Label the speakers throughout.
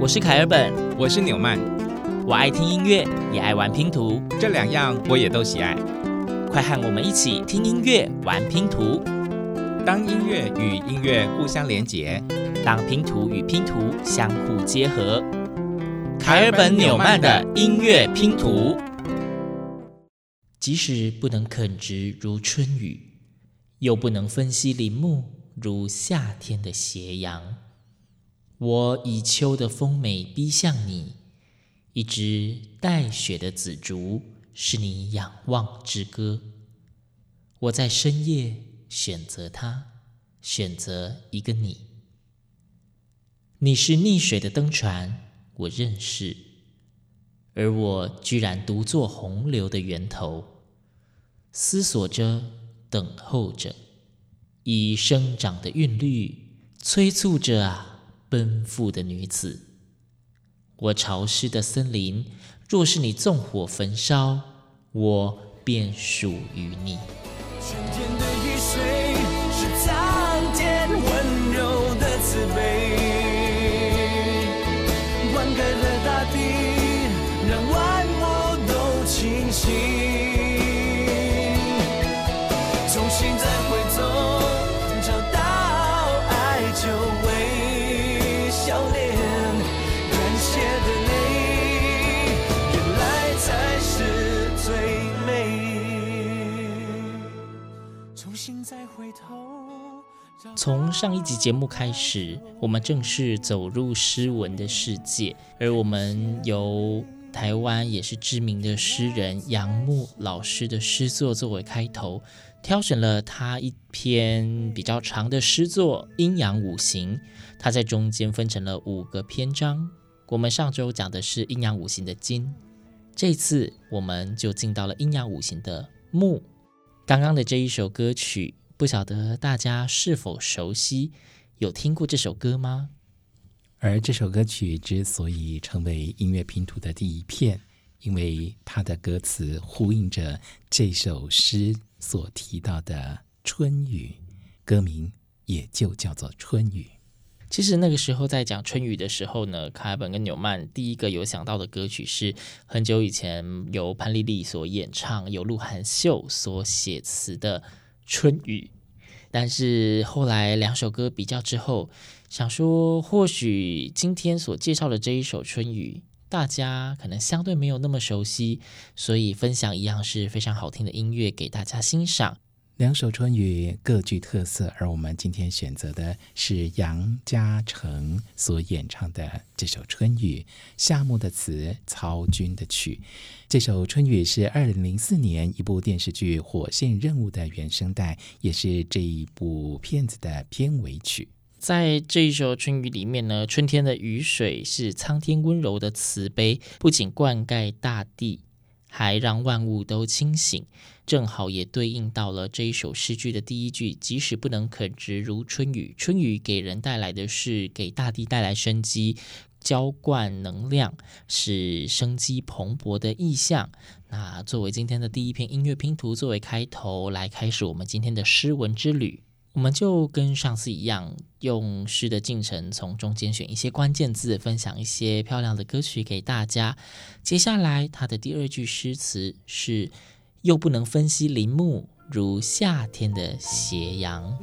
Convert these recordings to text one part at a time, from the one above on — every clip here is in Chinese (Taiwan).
Speaker 1: 我是凱爾本，我是紐曼，我愛聽音樂，也愛玩拼圖，這兩樣我也都喜愛。快和我們一起聽音樂、玩拼圖。當音樂與音樂互相連結，當拼圖與拼圖相互結合，
Speaker 2: 凱爾本紐曼的音樂拼
Speaker 1: 圖。即使不能肯直如春雨，又不能分析林木如夏天的斜陽。我以秋的豐美逼向你，一支帶雪的紫竹是你仰望之歌。我在深夜選擇它，選擇一個你。你是溺水的燈船，我認識，而我居然獨坐洪流的源頭，思索着，等候着，以生長的韻律催促着啊。奔赴的女子，我潮濕的森林，若是你縱火焚燒，我便屬於你。
Speaker 2: 春天的雨水。
Speaker 3: 從
Speaker 1: 上一集節目開始，我們正式走入詩文的世界。而我們由台灣也是知名的詩人楊牧老師的詩作作為開頭，挑選了他一篇比較長的詩作《陰陽五行》。他在中間分成了五個篇章。我們上周講的是陰陽五行的金，這次我們就進到了陰陽五行的木。剛剛的這一首歌曲。不曉得大家是否熟悉，有聽過這首歌嗎？
Speaker 4: 而這首歌曲之所以成為音樂拼圖的第一片，因為它的歌詞呼應着這首詩所提到的春雨，歌名也就叫做《春雨》。
Speaker 1: 其實那個時候在講春雨的時候呢，卡本跟紐曼第一個有想到的歌曲是很久以前由潘麗麗所演唱、由路寒袖所寫詞的。春雨，但是後來兩首歌比較之後，想說或許今天所介紹的這一首《春雨》，大家可能相對沒有那麼熟悉，所以分享一樣是非常好聽的音樂給大家欣賞。
Speaker 4: 兩首春雨各具特色，而我們今天選擇的是楊嘉誠所演唱的這首《春雨》，夏木的詞，曹軍的曲。這首《春雨》是二零零四年一部電視劇《火線任務》的原聲帶，也是這一部片子的片尾曲。
Speaker 1: 在這一首《春雨》裡面呢，春天的雨水是蒼天溫柔的慈悲，不僅灌溉大地。還讓萬物都清醒，正好也對應到了這一首詩句的第一句。即使不能肯直如春雨，春雨給人帶來的是給大地帶來生機，澆灌能量，是生機蓬勃的意象。那作為今天的第一篇音樂拼圖，作為開頭，來開始我們今天的詩文之旅。我們就跟上次一樣，用詩的進程，從中間選一些關鍵字，分享一些漂亮的歌曲給大家。接下來，他的第二句詩詞是：又不能分析林木，如夏天的斜陽。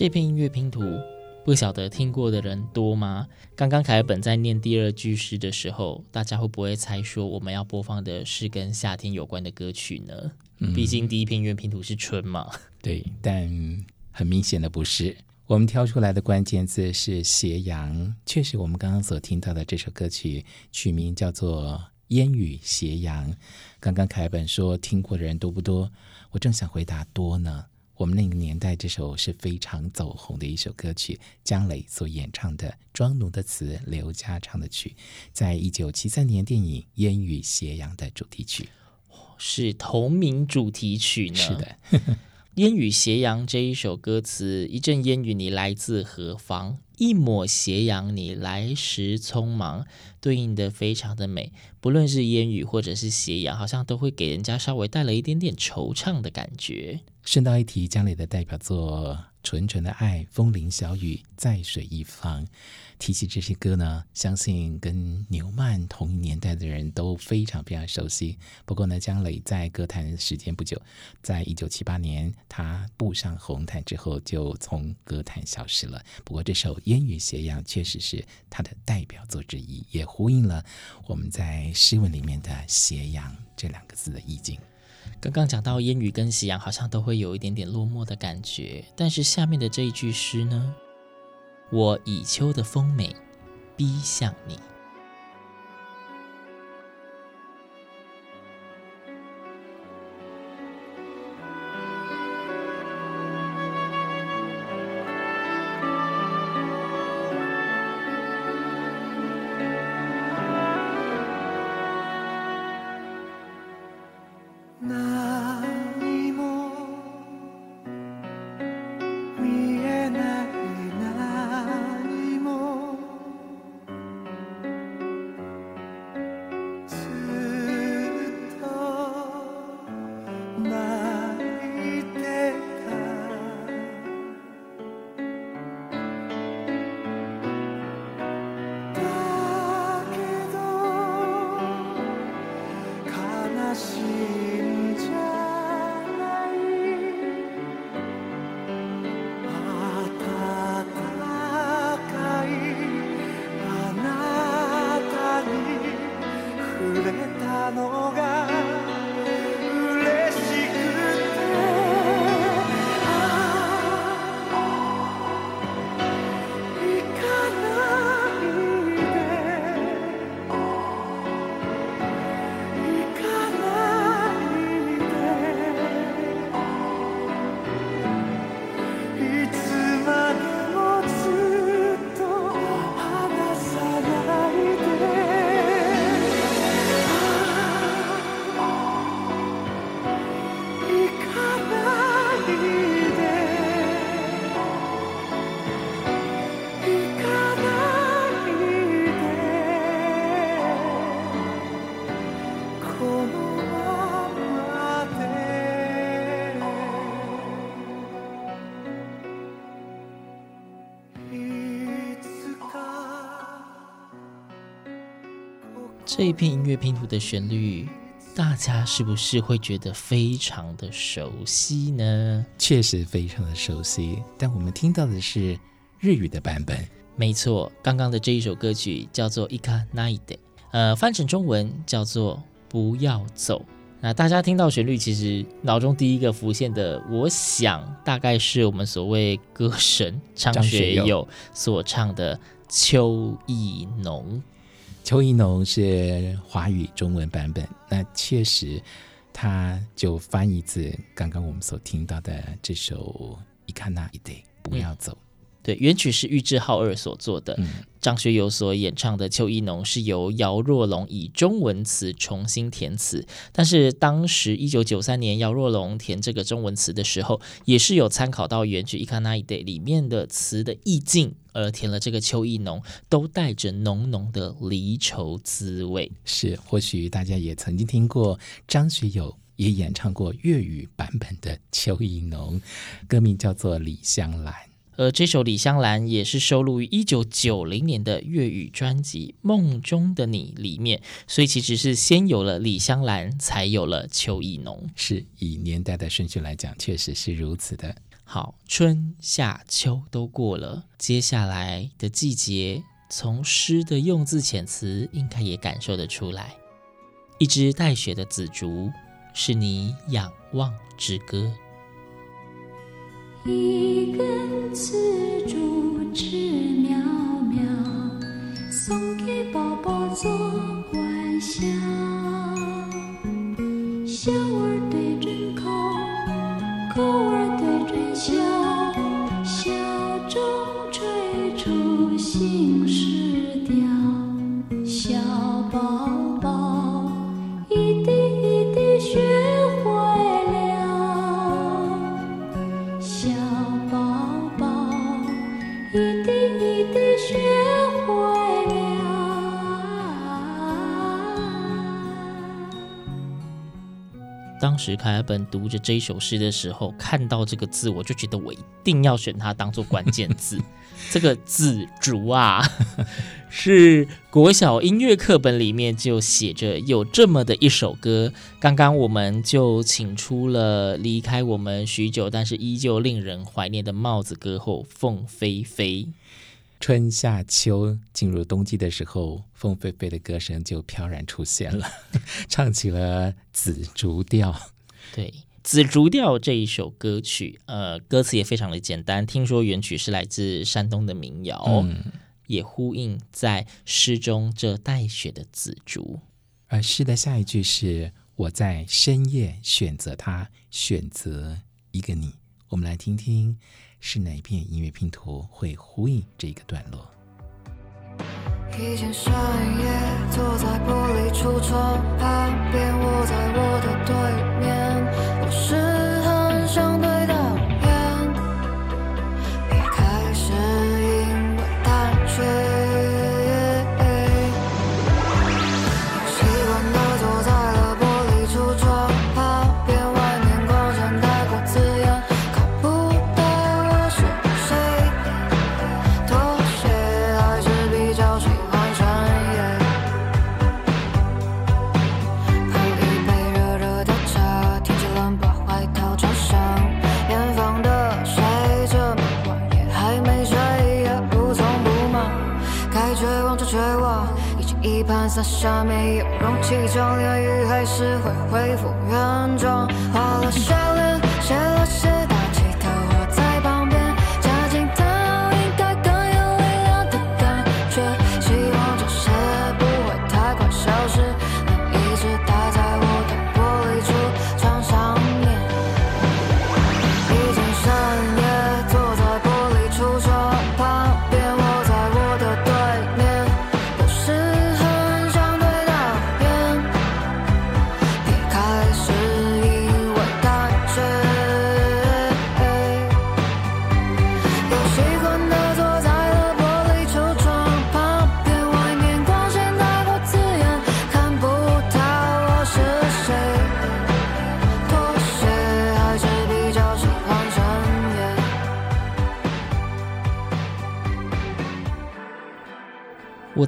Speaker 1: 這片音樂拼圖，不曉得聽過的人多嗎？剛剛凱本在念第二句詩的時候，大家會不會猜說我們要播放的是跟夏天有關的歌曲呢？嗯、畢竟第一片音樂拼圖是春
Speaker 4: 嘛。對，但很明顯的不是。我們挑出來的關鍵字是斜陽，確實我們剛剛所聽到的這首歌曲曲名叫做《煙雨斜陽》。剛剛凱本說聽過的人多不多？我正想回答多呢。我們那個年代，這首是非常走紅的一首歌曲，江蕾所演唱的《莊奴的詞》，劉家昌的曲，在一九七三年電影《煙雨斜陽》的主題曲、哦、
Speaker 1: 是同名主題曲呢。是的呵呵，《煙雨斜陽》這一首歌詞，“一陣煙雨你來自何方，一抹斜陽你來時匆忙”，對應得非常的美。不論是煙雨或者是斜陽，好像都會給人家稍微帶了一點點惆悵的感覺。
Speaker 4: 順道一提，江磊的代表作《純純的愛》《風鈴小雨》《在水一方》。提起這些歌呢，相信跟牛曼同一年代的人都非常非常熟悉。不過呢，江磊在歌壇時間不久，在一九七八年他步上紅毯之後，就從歌壇消失了。不過這首《煙雨斜陽》確實是他的代表作之一，也呼應了我們在詩文裡面的“斜陽”這兩個字的意境。剛剛講到煙雨跟夕陽，好像都會
Speaker 1: 有一點點落寞的感覺。但是下面的這一句詩呢，我以秋的豐美逼向你。這一片音樂拼圖的旋律，大家是不是會覺得非常的熟悉呢？
Speaker 4: 確實非常的熟悉，但我們聽到的是日語的版本。
Speaker 1: 沒錯，剛剛的這一首歌曲叫做《ika naide》，呃，翻成中文叫做“不要走”。那大家聽到的旋律，其實腦中第一個浮現的，我想大概是我們所謂歌神張學友所唱的
Speaker 4: 《秋意濃》。秋意濃是華語中文版本，那確實，他就翻譯自剛剛我們所聽到的這首《行かないで不要走》。嗯。
Speaker 1: 對，原曲是玉置浩二所做的。嗯，張學友所演唱的《秋意濃》是由姚若龍以中文詞重新填詞。但是當時一九九三年姚若龍填這個中文詞的時候，也是有參考到原曲《イカナイデ》裡面的詞的意境而填了這個《
Speaker 4: 秋意濃》，都帶着濃
Speaker 1: 濃的離愁滋味。
Speaker 4: 是，或許大家也曾經聽過張學友也演唱過粵語版本的《秋意濃》，歌名叫做《李香蘭》。
Speaker 1: 而這首李香蘭也是收錄於一九九零年的粵語專輯《夢中的你》裡面，所以其實是先有了李香蘭，才有了秋意濃。是以年代的順序來講，確實是如此的。好，春夏秋都過了，接下來的季節，從詩的用字遣詞，應該也感受得出來。一支帶雪的紫竹，是你仰望之歌。
Speaker 2: 一根刺竹，瓷苗。
Speaker 1: 時看本讀着這首詩的時候，看到這個字，我就覺得我一定要選它當做關鍵字。 這個“紫竹”啊，是國小音樂課本裡面就寫着有這麼的一首歌。剛剛我們就請出了離開我們許久，但是依舊令人懷念的帽子歌后鳳飛飛。
Speaker 4: 春夏秋進入冬季的時候，鳳飛飛的歌聲就飄然出現了，唱起了紫《紫竹調》。
Speaker 1: 對，《紫竹調》這一首歌曲，呃，歌詞也非常的簡單。聽說原曲是來自山東的民謠，嗯，也呼應在詩中這帶雪的紫竹。
Speaker 4: 而詩的下一句是：“我在深夜選擇他，選擇一個你。”我們來聽聽。是哪一片音樂拼圖會呼應這個段落？
Speaker 5: 這場雨還是會恢復原狀。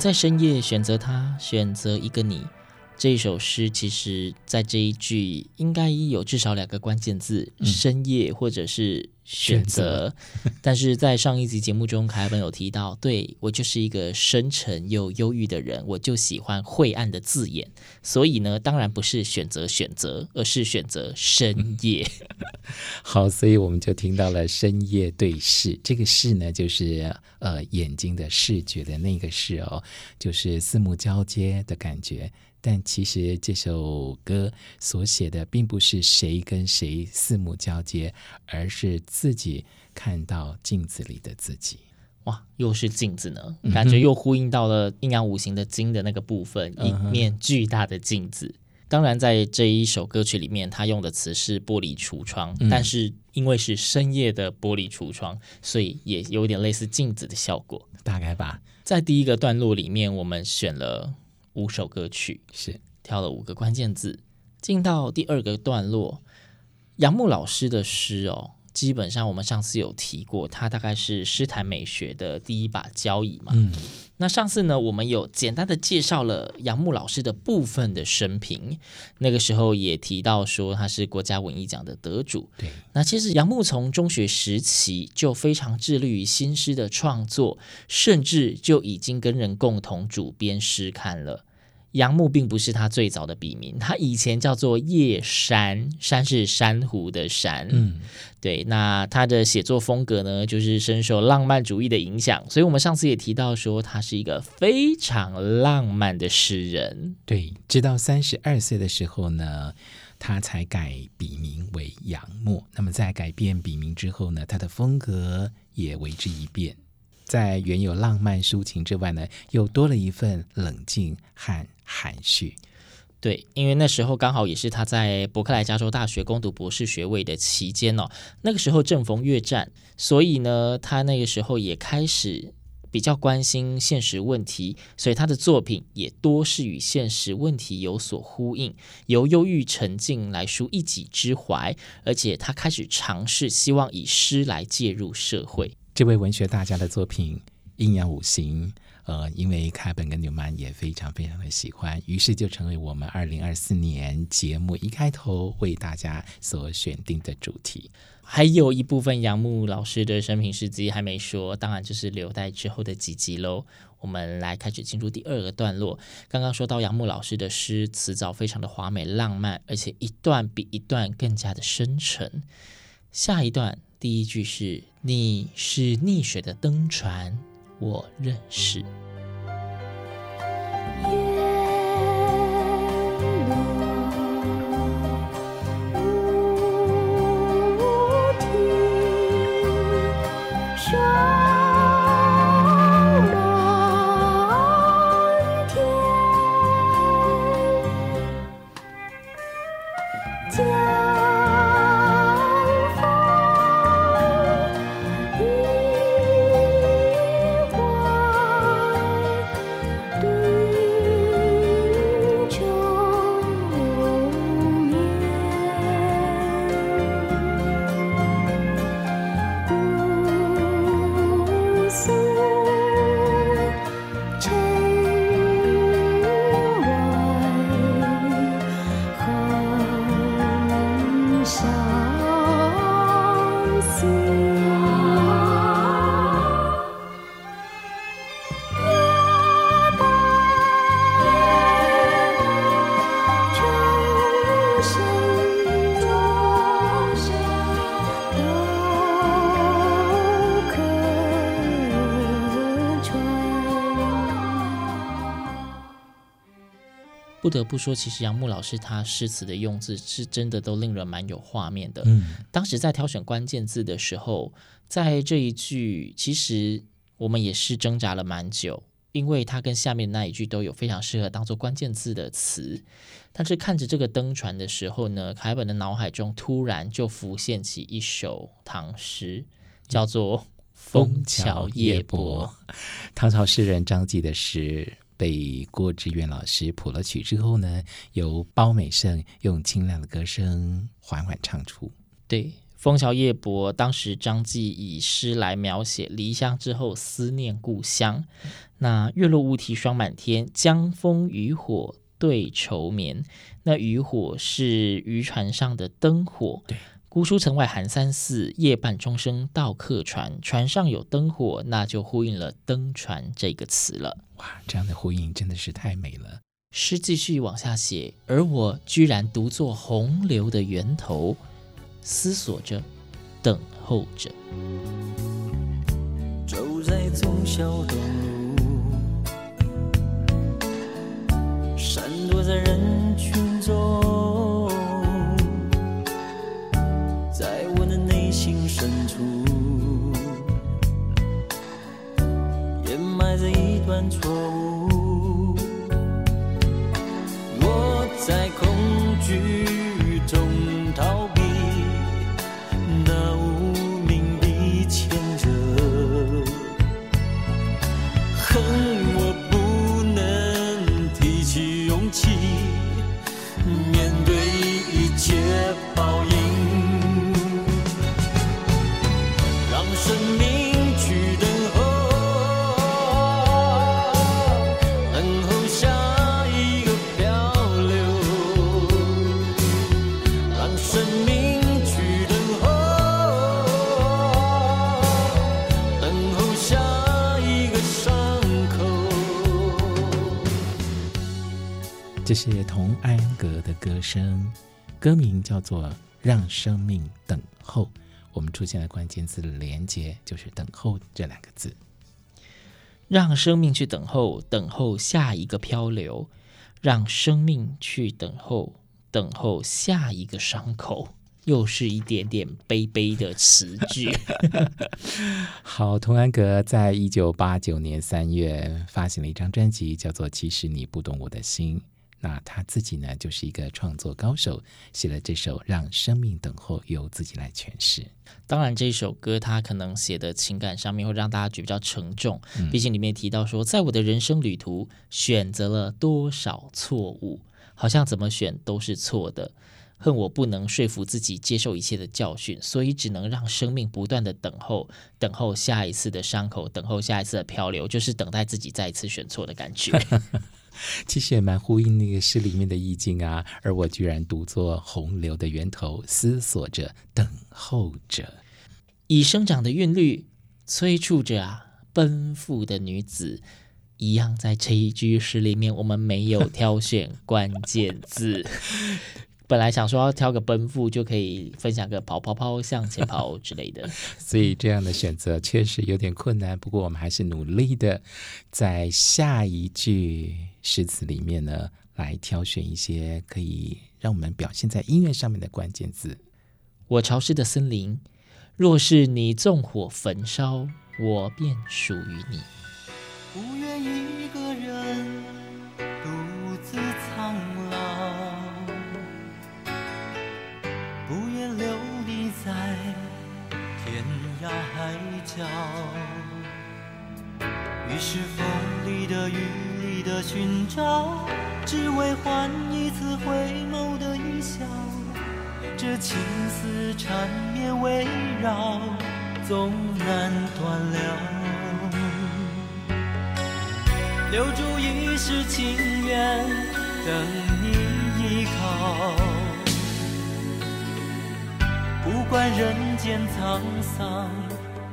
Speaker 1: 在深夜選擇他，選擇一個你。這首詩，其實，在這一句應該有至少兩個關鍵字，嗯，深夜，或者是。選擇，選擇 但是在上一集節目中，凱文有提到，對我就是一個深沉又憂鬱的人，我就喜歡晦暗的字眼，所以呢，當然不是選擇選擇，而是選擇深夜。
Speaker 4: 好，所以我們就聽到了深夜對視，這個視呢，就是呃眼睛的視覺的那個視哦，就是四目交接的感覺。但其實這首歌所寫的並不是誰跟誰四目交接，而是自己看到鏡子裡的自己。哇，又是鏡子呢？嗯、
Speaker 1: 感覺又呼應到了陰陽五行的金的那個部分，嗯、一面巨大的鏡子。當然，在這一首歌曲裡面，他用的詞是玻璃櫥窗、嗯，但是因為是深夜的玻璃櫥窗，所以也有點類似鏡子的效果，大概吧。在第一個段落裡面，我們選了，五首歌曲是，挑了五個關鍵字，進到第二個段落，楊牧老師的詩哦。基本上，我們上次有提過，他大概是詩壇美學的第一把交椅嘛。嗯，那上次呢，我們有簡單的介紹了楊牧老師的部分的生平，那個時候也提到說他是國家文藝獎的得主。對，那其實楊牧從中學時期就非常致力於新詩的創作，甚至就已經跟人共同主編詩刊了。楊牧並不是他最早的筆名，他以前叫做葉珊，珊是珊瑚的珊。嗯，對。那他的寫作風格呢，就是深受浪漫主義的影響，所以我們上次也提到說，他是一個非常浪漫的詩人。
Speaker 4: 對，直到三十二歲的時候呢，他才改筆名為楊牧。那麼在改變筆名之後呢，他的風格也為之一變，在原有浪漫抒情之外呢，又多了一份冷靜和。含蓄，對，
Speaker 1: 因為那時候剛好也是他在伯克萊加州大學攻讀博士學位的期間哦。那個時候正逢越戰，所以呢，他那個時候也開始比較關心現實問題，所以他的作品也多是與現實問題有所呼應，由憂鬱沉靜來抒一己之懷，而且他開始嘗試希望以詩來介入社會。
Speaker 4: 這位文學大家的作品《陰陽五行》。呃，因為卡本跟紐曼也非常非常的喜歡，於是就成為我們二零二四年節目一開頭為大家所選定的主題。還
Speaker 1: 有一部分楊牧老師的生平事蹟還沒說，當然就是留待之後的幾集嘍。我們來開始進入第二個段落。剛剛說到楊牧老師的詩詞藻非常的華美浪漫，而且一段比一段更加的深沉。下一段第一句是：“你是溺水的燈船，我認識。嗯”不得不說，其實楊牧老師他詩詞的用字是真的都令人蠻有畫面的。嗯，當時在挑選關鍵字的時候，在這一句，其實我們也是掙扎了蠻久，因為他跟下面那一句都有非常適合當做關鍵字的詞。但是看着這個登船的時候呢，凱本的腦海中突然就浮現起一首唐詩，叫做《楓橋夜泊》，
Speaker 4: 唐朝詩人張繼的詩。被郭志遠老師譜了曲之後呢，由包美聖用清亮的歌聲緩緩唱出。
Speaker 1: 對，《楓橋夜泊》當時張繼以詩來描寫離鄉之後思念故鄉。嗯、那月落烏啼霜滿天，江楓漁火對愁眠。那漁火是漁船上的燈火。對。姑蘇城外寒山寺，夜半鐘聲到客船。船上有燈火，那就呼應了“燈船”這個詞了。
Speaker 4: 哇，這樣的呼應真的是太美了。
Speaker 1: 詩繼續往下寫，而我居然獨坐洪流的源頭，思索着，等
Speaker 3: 候着。走在在從小人。 犯錯誤，我在恐懼。
Speaker 4: 是童安格的歌聲，歌名叫做《讓生命等候》。我們出現的關鍵字的連接就是“等候”這兩個字。
Speaker 1: 讓生命去等候，等候下一個漂流；讓生命去等候，等候下一個傷口。又是一點點悲悲的詞
Speaker 2: 句。
Speaker 4: 好，童安格在一九八九年三月發行了一張專輯，叫做《其實你不懂我的心》。那他自己呢，就是一個創作高手，寫了這首《讓生命等候》，由自己來詮釋。當
Speaker 1: 然，這首歌他可能寫的情感上面會讓大家覺得比較沉重，嗯、畢竟裡面提到說，在我的人生旅途，選擇了多少錯誤，好像怎麼選都是錯的。恨我不能說服自己接受一切的教訓，所以只能讓生命不斷的等候，等候下一次的傷口，等候下一次的漂流，就是等待自己再一次選錯的感覺。
Speaker 4: 其實也蠻呼應那個詩裡面的意境啊，而我居然獨坐洪流的源頭，思索着，等候着，以生長的韻律催促着啊，奔赴的女子，
Speaker 1: 一樣在這一句詩裡面，我們沒有挑選關鍵字。 本來想說要挑個奔赴就可以分享個跑跑跑向前跑之類
Speaker 4: 的， 所以這樣的選擇確實有點困難。不過我們還是努力的，在下一句詩詞裡面呢，來挑選一些可以讓我們表現在音樂上面的關鍵字。我潮濕的森林，
Speaker 1: 若是你縱火焚燒，我便屬於你。
Speaker 3: 不願一個人獨自藏。海角，於是風裡的雨裡的尋找，只為換一次回眸的一笑。這情絲纏綿圍繞，縱然斷了。留住一世情緣，等你依靠。不管人間滄桑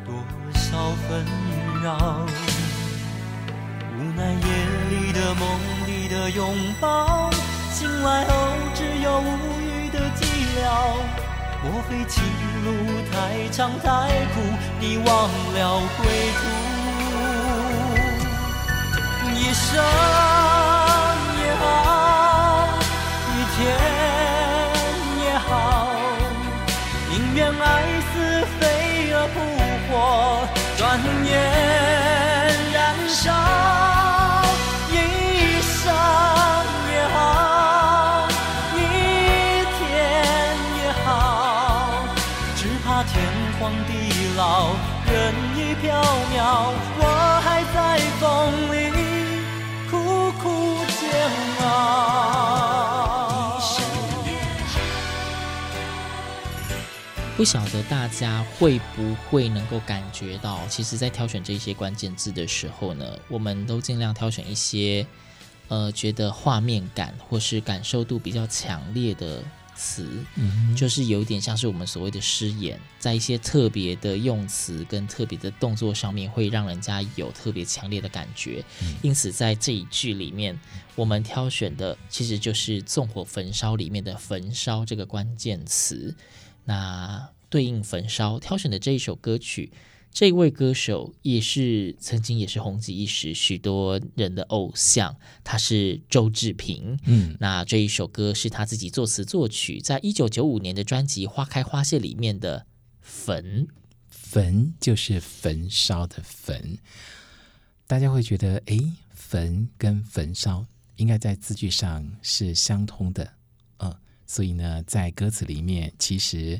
Speaker 3: 多少紛擾，無奈夜裡的夢裡的擁抱，醒來後只有無語的寂寥。莫非情路太長太苦，你忘了歸途？一生。地老人已飄渺，我還在風
Speaker 2: 裡苦苦煎熬。
Speaker 1: 不曉得大家會不會能夠感覺到，其實在挑選這些關鍵字的時候呢，我們都儘量挑選一些，呃，覺得畫面感或是感受度比較強烈的。詞，嗯，就是有點像是我們所謂的詩眼，在一些特別的用詞跟特別的動作上面，會讓人家有特別強烈的感覺。因此，在這一句裡面，我們挑選的其實就是“縱火焚燒”裡面的“焚燒”這個關鍵詞。那對應“焚燒”挑選的這一首歌曲。這位歌手也是曾經也是紅極一時，許多人的偶像，他是周志平。嗯，那這一首歌是他自己作詞作曲，在一九九五年的專輯《花開花謝》裡面的
Speaker 4: “焚”，“焚”就是焚燒的“焚”。大家會覺得，哎，“焚”跟“焚燒”應該在字句上是相通的，嗯，所以呢，在歌詞裡面其實。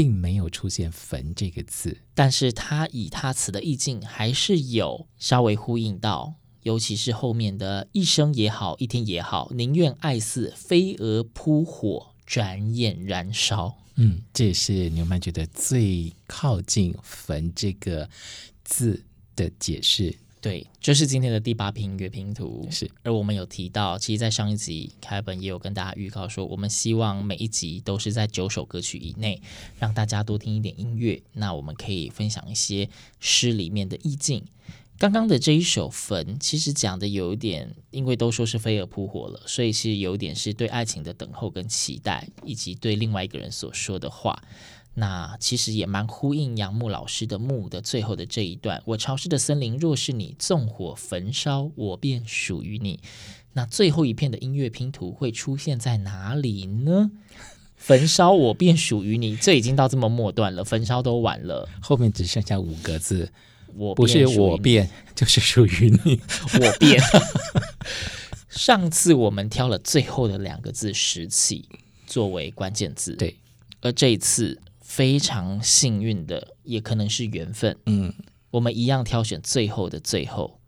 Speaker 4: 並沒有出現“焚”這個字，但是他以他詞的意境
Speaker 1: 還是有稍微呼應到，尤其是後面的一生也好，一天也好，寧願愛似飛蛾撲火，轉眼燃燒。
Speaker 4: 嗯，這也是牛曼覺得最靠近“焚”這個字的解釋。對，就是今天
Speaker 1: 的第八篇樂拼圖是。而我們有提到，其實，在上一集凱文也有跟大家預告說，我們希望每一集都是在九首歌曲以內，讓大家多聽一點音樂。那我們可以分享一些詩裡面的意境。剛剛的這一首《墳》，其實講的有一點，因為都說是飛蛾撲火了，所以是有點是對愛情的等候跟期待，以及對另外一個人所說的話。那其實也蠻呼應楊牧老師的《木》的最後的這一段：“我潮濕的森林，若是你縱火焚燒，我便屬於你。”那最後一片的音樂拼圖會出現在哪裡呢？焚燒我便屬於你，這已經到這麼末段了，焚燒都完了，後面只剩下五個字：我便不是我
Speaker 4: 變，就是屬於你。 我變便。
Speaker 1: 上次我們挑了最後的兩個字“拾起”作為關鍵字，對，而這一次。非常幸運的，也可能是緣分。嗯，我們一樣挑選最後的最後，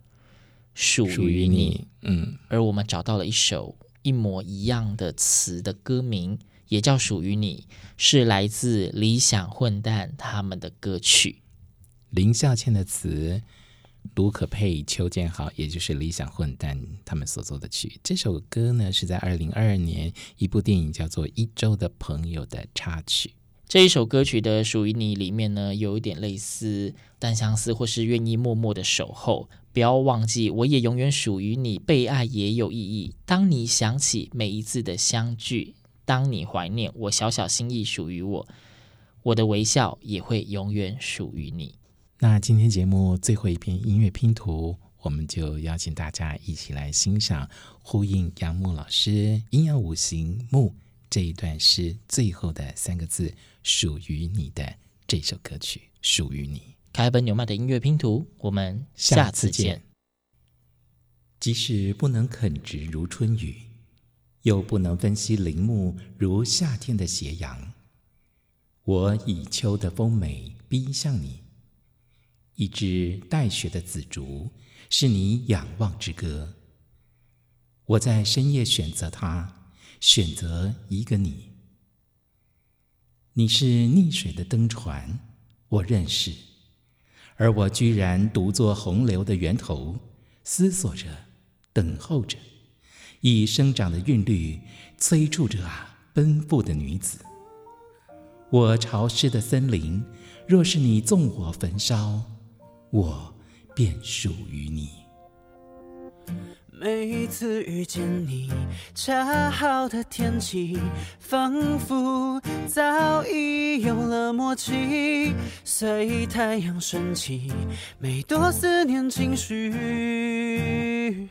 Speaker 1: 屬於你，屬於你。嗯，而我們找到了一首一模一樣的詞的歌名，也叫《屬於你》，是來自理想混蛋他們的
Speaker 4: 歌曲，林孝謙的詞，盧可佩、邱建豪，也就是理想混蛋他們所做的曲。這首歌呢，是在二零二二年一部電影叫做《一周的朋友》的插曲。
Speaker 1: 這一首歌曲的屬於你裡面呢，有一點類似單相思，或是願意默默的守候，不要忘記，我也永遠屬於你，被愛也有意義。當你想起每一次的相聚，當你懷念我小小心意屬於我，我的微笑也會永
Speaker 4: 遠屬於你。那今天節目最後一篇音樂拼圖，我們就邀請大家一起來欣賞，呼應楊牧老師陰陽五行木。這一段是最後的三個字，屬於你的這首歌曲，屬於你。開本牛馬的音樂拼圖，我們下次見。下次見，即使不能肯植如春雨，又不能分析林木如夏天的斜陽，我以秋的豐美逼向你，一枝帶雪的紫竹，是你仰望之歌。我在深夜選擇它。選擇一個你，你是溺水的燈船，我認識；而我居然獨坐洪流的源頭，思索着，等候着，以生長的韻律催促着啊，奔赴的女子。我潮濕的森林，若是你縱火焚燒，我便屬於你。
Speaker 6: 每一次遇見你，恰好的天氣，仿佛早已有了默契。隨太陽升起，每朵思念情緒。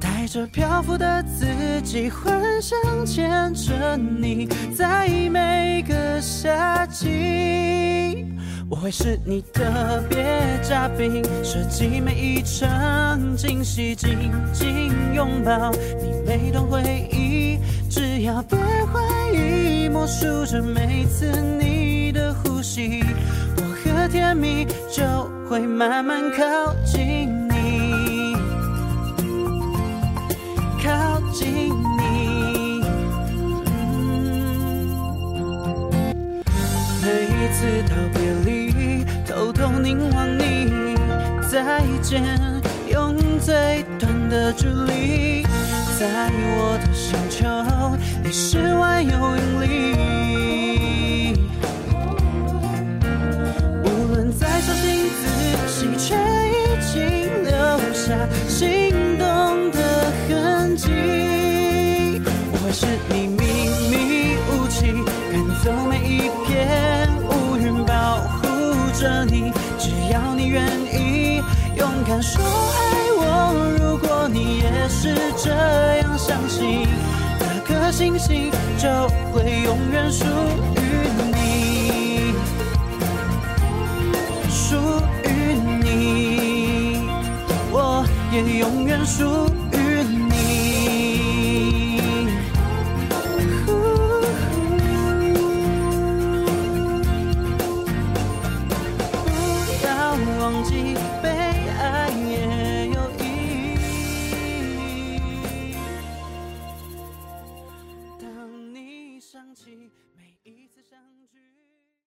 Speaker 6: 帶着漂浮的自己，幻想牽着你，在每個夏季。我會是你特別嘉賓，設計每一場驚喜，緊緊擁抱你每段回憶，只要別懷疑，默數着每次你的呼吸，我和甜蜜就會慢慢靠近你，靠近你。每一次都別離。凝望你，再見，用最短的距離，在我的星球，你是萬有引力。無論在什麼地方。都會永遠屬於你，屬於你，我也永遠屬於你。